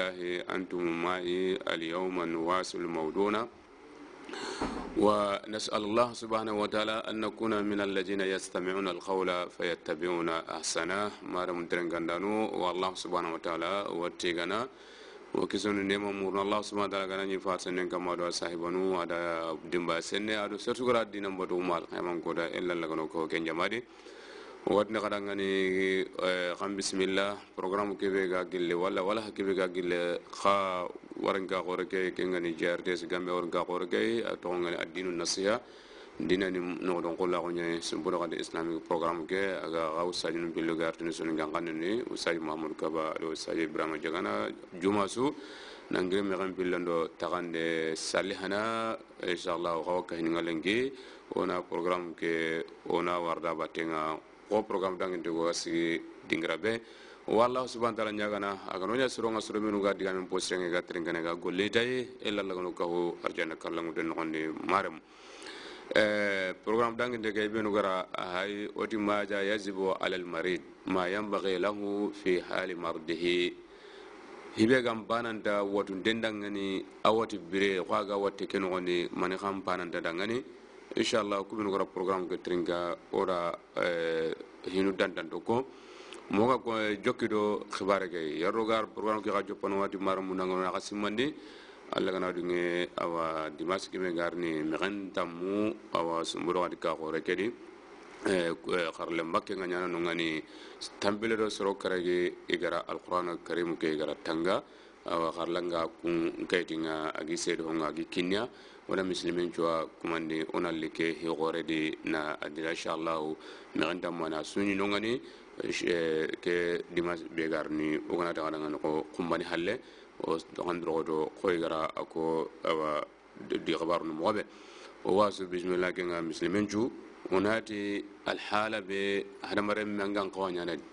الله أنتم معي اليوم نواصل موضوعنا ونسأل الله سبحانه وتعالى أن نكون من الذين يستمعون القول فيتبعون أحسنه مارم درنغاندانو والله سبحانه وتعالى واتيغانا وكسون نيمة مورنا الله سبحانه وتعالى غانا ني فاتسن كما دو صاحبنو ادا ديمبا سنة ادو سرتو غرا دينا مبدو مال همان كودا الا لغنوكو كو كنجمادي Wadne kada ngani eh, kan bismillah programu kebe ga gille wala wala kebe ga gille kha waran ga gore ke ke ngani JRTS gambe waran ga gore ke to ngani adinu nasiha dina ni no don ko la ko nyane islamic program ke aga gaw sajinu billo gartini sunu ga ngani ni usay mahmud kaba do usay ibrahim jagana juma su nangre me gam billando tagande salihana inshallah gaw ka hin ngalengi ona program ke ona warda batenga ko program dangen di ko si dingira be walla subhanahu taala no nya suru nga suru minu ga digamen posirenge ga ga golle arjana karlangude nogondi marem programme eh, Program ke benu gara hay oti maja yajibu ala marid ma yambagi lahu fi hali mardihi hibe gam bananda wotu dendangani awati bire ko aga mani bananda dangani inchallah kuɓen gora programme ke trinka ora eh, hinu dantanto ko moga ko jokki do xibare ke yarrogar programme ke xa joppan wati mara mu nangano xa simmandi alla gana dunge awa dimanche kime garni mexen tammu awa sumbudo xati ka xore kedi xarle eh, eh, mbakke nga ñana nongani tambile do soro karage i gara alqouran alkarimu ke i gara tanga awa xarlanga kun nkayitinga agi seedi honga agi kinniya wona misilimen cuwa kumandi wo nalli ke hixoredi na adira inchallahu mexentamana suñinongani ke dimas begarni wo gana taxadanga noxo xumbani halle wo xandoroxoto xoygara ako awa di xabarunu moxoɓe o wasu bisimilla kenga misilimen cu wonati alhala be hadamaren me angan qawañanadi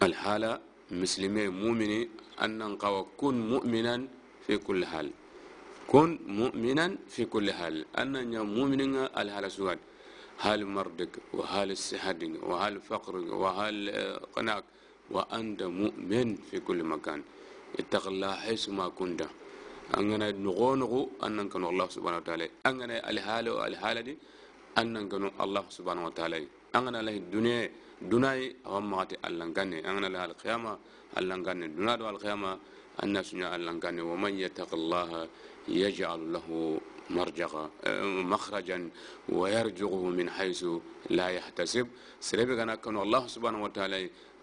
alhala مسلمي مؤمني أن نقوى كن مؤمنا في كل حال كن مؤمنا في كل حال أن مؤمنين الحال سوان هل مرضك وهل صحتك وهل فقرك وهل آه، قناك وأنت مؤمن في كل مكان اتق الله حيث ما كنت أننا نغونغو أنك الله سبحانه وتعالى أننا الحال والحالة أنك الله سبحانه وتعالى أننا له الدنيا دوناي غماتي اللانغاني انا لها القيامة اللانغاني دونادو القيامة الناس نيا اللانغاني ومن يتق الله يجعل له مرجغا مخرجا ويرجغه من حيث لا يحتسب سلبي غنا كن الله سبحانه وتعالى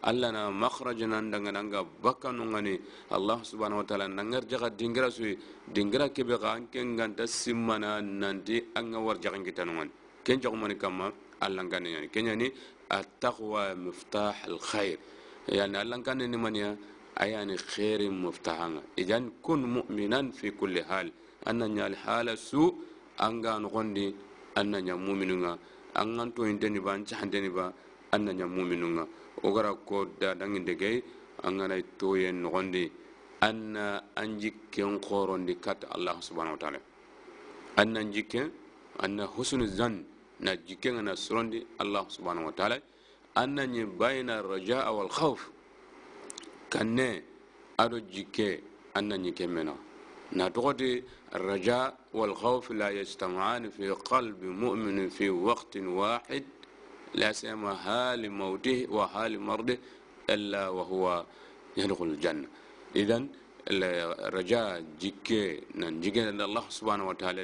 اللنا مخرجنا ندنغا ننغا بكا ننغاني الله سبحانه وتعالى ننغر جغا دنغرا سوي دنغرا كبغا انكي انغان تسمنا ننتي انغا ورجغن كتا ننغان كن جغماني كما allah ganneñani keñani attaqwa miftah alkhair yani allah ganneni maniya ayani khairin miftahanga idan kun muminan fi kulli hal anna ñal haala su an ga nogondi an na ña muminunga an gan toyinteni ba an cahandeni ba an na ña muminunga wo gara ko dadanginde gey an ganay toyen nogondi an na an jikken korondi kat allah subhanau wa taala an nan jikken an na husnu zan نجيكنا نسرندي الله سبحانه وتعالى أنني بين الرجاء والخوف كنّي أرجيك أنني كمنا نتغطي الرجاء والخوف لا يجتمعان في قلب مؤمن في وقت واحد لا سيما هال موته وهال مرضه إلا وهو يدخل الجنة إذن الرجاء جيكي نجيكي الله سبحانه وتعالى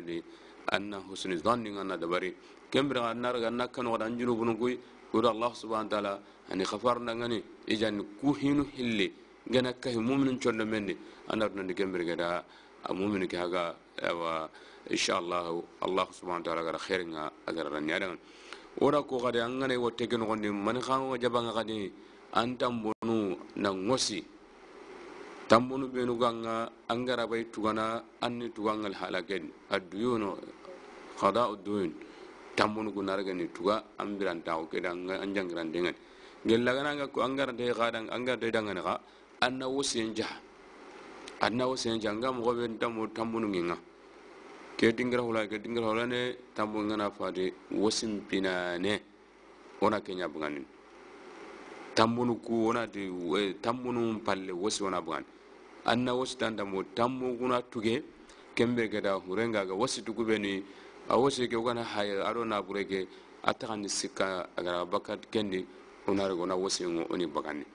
anna husni dhannin anna dabari kembira annar ganna kan wadan junubun kuy kuda allah subhanahu ta'ala ani khafar nangani ijan ku hinu hille gana kahi mu'minin chondo mende anar nan kembira gada mu'min ki haga wa insha allah allah subhanahu wa ta'ala gara khairinga agara ran yadan ora ko gade angane wotte ken gonde man khan jabanga gade antam bonu na ngosi tambunu benu ganga angara bay tugana anni tugangal halaken aduyuno qada uduyun tambunu gunargani tuga ambirantawo keda anjangirandengani gellagananga ko angarante xadan angarante dangani xa anna wosiyen anna wosiyen jaha nga moxo ɓen tambunu ngenga ke dingira hula ke dingira hula ne tambu ngana fade wosin pinane ona kenya bunganin tambunu ku ona di eh, tambunu palle wosi ona bunganin anna wasitanda mo tammuguna tuge kembe gada hurenga ga wasitugubeni a wasike ugana haye aro nabureke a tagani sikka agara bakat kendi unarege ona wasingo oni bagani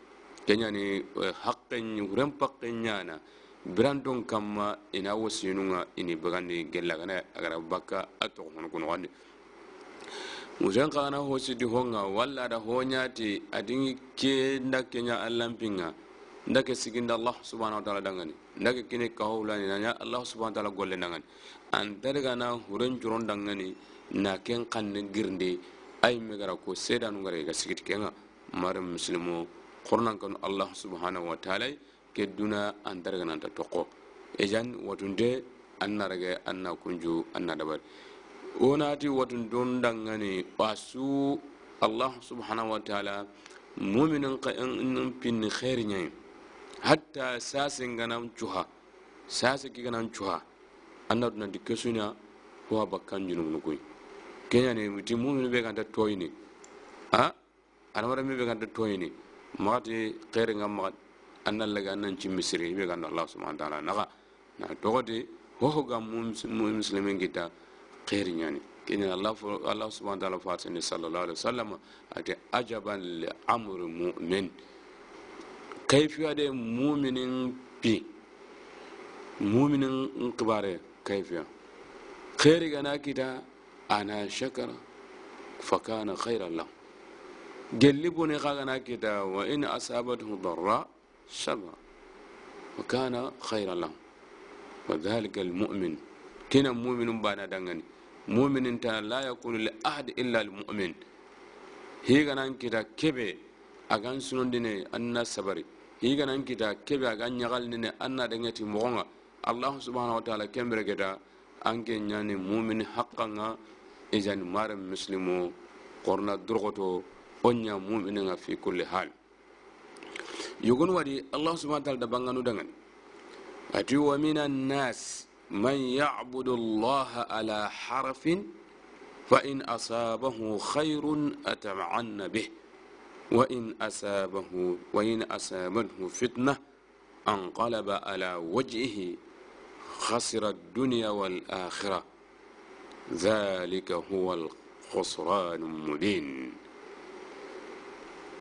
kenyani eh, haqqen huren paqqen ñana biran don kamma ina wasinunga ini bagandi gellagana agara bakka a togohon kunogondi musen kagana hosidi honga walla ada hoñati adingi ke kenya allampinga ndake siginda allah subhanahu wa ta'ala dangani ndake kini kahula ni nanya allah subhanahu wa ta'ala golle dangani antare gana huren juron dangani na ken kanne girnde ay megara ko sedan ngare ga sigit kenga mar muslimu qur'an kan allah subhanahu wa ta'ala ke duna antare gana ta toko ejan watunde annarage anna kunju anna dabar wonati watun don dangani wasu allah subhanahu wa ta'ala muminin ka in pinni khairi nyayin hatta sasen ganan cuha sase ki ganan cuha anna duna dikke sunya wa bakkan junum nukui kenya ne muti mumin be ganta toyini a anamara me be ganta toyini magati khere ngam magat anna laga nan ci misri be ganta allah subhanahu wa ta'ala naga na togodi ho ga mumin muslimin kita khere nyani kenya allah allah subhanahu wa ta'ala fatini sallallahu alaihi wasallam ate ajaban li amri mu'min kayfiya muminin bi muminin kibare kayfiya khairi gana kita ana shakara fakana khairan lahu جلبوا نقاقنا كده وإن أصابته ضراء صبر وكان خير الله وذلك المؤمن كنا مؤمن بانا دنغني مؤمن انت لا يكون لأحد إلا المؤمن هي كده كبي أغان سنون ديني أنا صبري iga nan kita kebe aga ñagal nene anna dengeti mogonga allah subhanahu wa taala kembere geta anke ñani mumini haqqanga ijani mare muslimu korna durgoto onya ña mumininga fi kulli hal yugun wadi allah subhanahu wa taala dabanganu dangani ati wa minan nas man yabudu allah ala harafin fa in asabahu khairun atamaanna bih وإن أسابه وإن أسابته فتنة انقلب على وجهه خسر الدنيا والآخرة ذلك هو الخسران المبين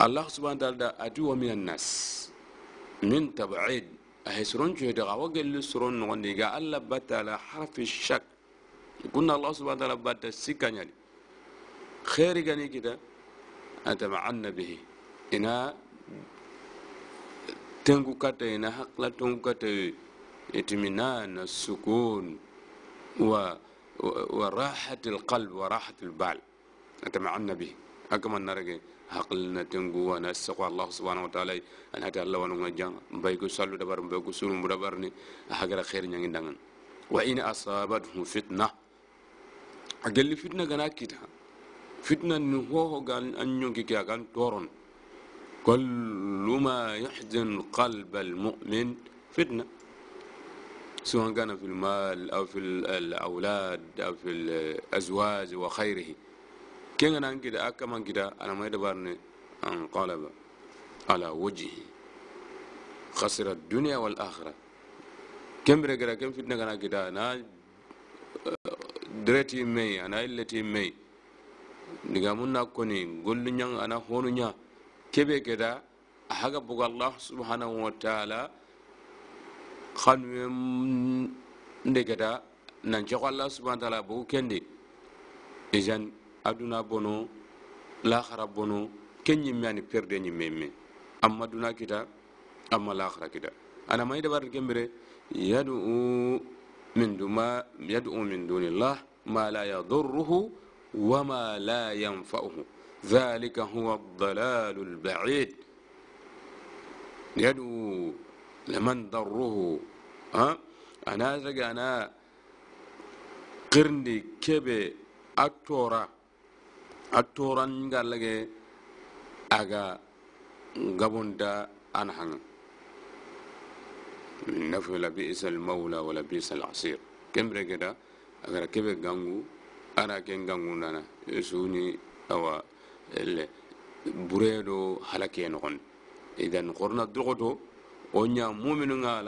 الله سبحانه وتعالى أدوى من الناس من تبعيد أهسرون جهد غوغل لسرون غنيغا ألا بتا على حرف الشك يقولنا الله سبحانه وتعالى بتا سكا يعني خير كده أتمعن به إنا تنكو كتا إنا حقلا تنكو كتا إتمنان السكون و وراحة القلب وراحة البال أتمعن به أكما نرغي حقلنا تنجو أنا سقى الله سبحانه وتعالى أن هذا الله ونعم مبايكو بيكو سلوا دبر بيكو سلوا مدبرني أهجر خير نعين وإن أصابته فتنة أقل فتنة كنا كده فتنة نهوه قال أن an قال تورن كل ما يحزن قلب المؤمن فتنة سواء كان في المال أو في الأولاد أو في الأزواج وخيره كان أنا كده أكما كده أنا ما يدبرني قلب على وجهه خسر الدنيا والآخرة كم برجع كم فتنة كان كده أنا درتي مي أنا التي مي diga mun na koni gollu ñang ana honu ña keɓe keda a haga bogo allah subhanahu wa taala xanwe nde keda nan cego allah subhana taala bogo kendi ijan aduna bono laxara bono ke ñimme ani perde ñimme me amma duna kita amma laxara kita ana may debar kembire yadu min duma yadu min dunillah ma la yadurruhu وما لا ينفعه ذلك هو الضلال البعيد يدعو لمن ضره ها أنا رجع أنا قرني كبي أكتورا أكتورا قال لك أغا قبندا أنحن نفل بئس المولى المولى بئس العصير كم رجدا أغا كبي غانغو ana ken nana suni awa bure do halake nogon idan korna dogoto o ña muminu ŋa